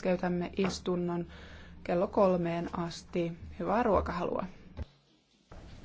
keskeytämme istunnon kello kolmeen asti. Hyvää ruokahalua!